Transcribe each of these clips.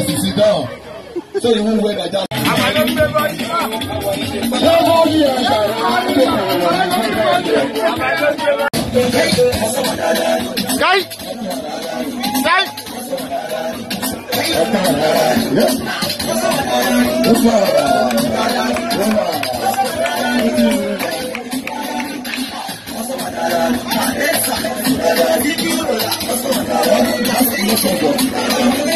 next to sit down so he won't wear that jacket. Guy, guy. Thank you.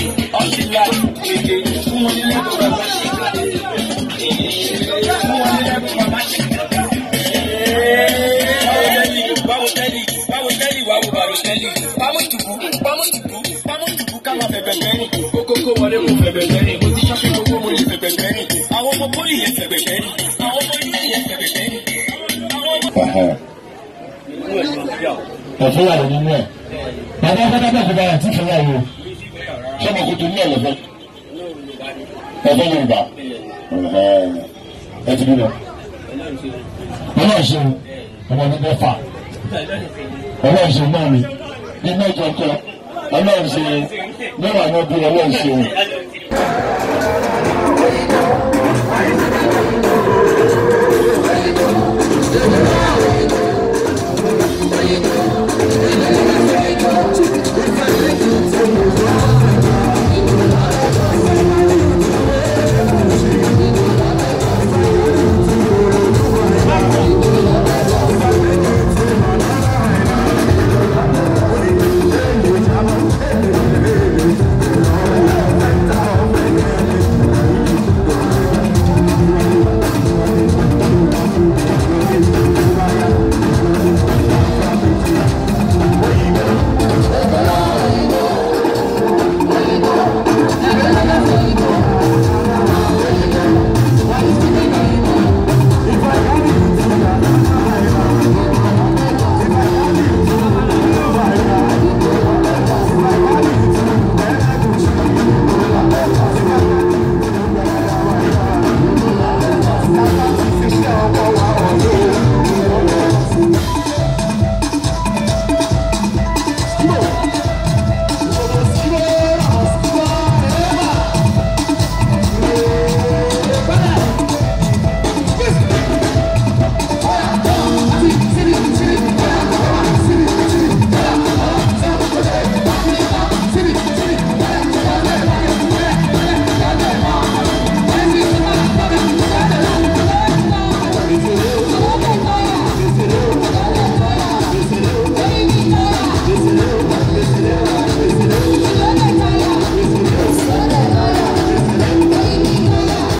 máa fẹ̀fẹ̀ bẹ́ẹ̀ni kókókó wọlé mo fẹ̀fẹ̀ bẹ́ẹ̀ni mo ti ṣọ́ọ̀ṣì gbogbo mo lè fẹ̀fẹ̀ bẹ́ẹ̀ni àwọn ọmọ pọ́lì yẹn fẹ̀fẹ̀ bẹ́ẹ̀ni àwọn ọmọ ilé yẹn fẹ̀fẹ̀ bẹ́ẹ̀ni. ọ̀fun wà lórí inú ẹ̀ bàbá bàbá bàbá bàbá àti ìfẹ́lá yìí o kò tó ní ọ̀lọ́fọ́ ọ̀fọ́ yorùbá ẹ ti bímọ ọlọ́run ṣeun ọmọ ọdún mẹ́fà ọlọ́run ṣeun náà ni ní mẹ́jọ kọ́ ọlọ́run ṣe mẹ́wàá náà bí ọlọ́run ṣe. 어.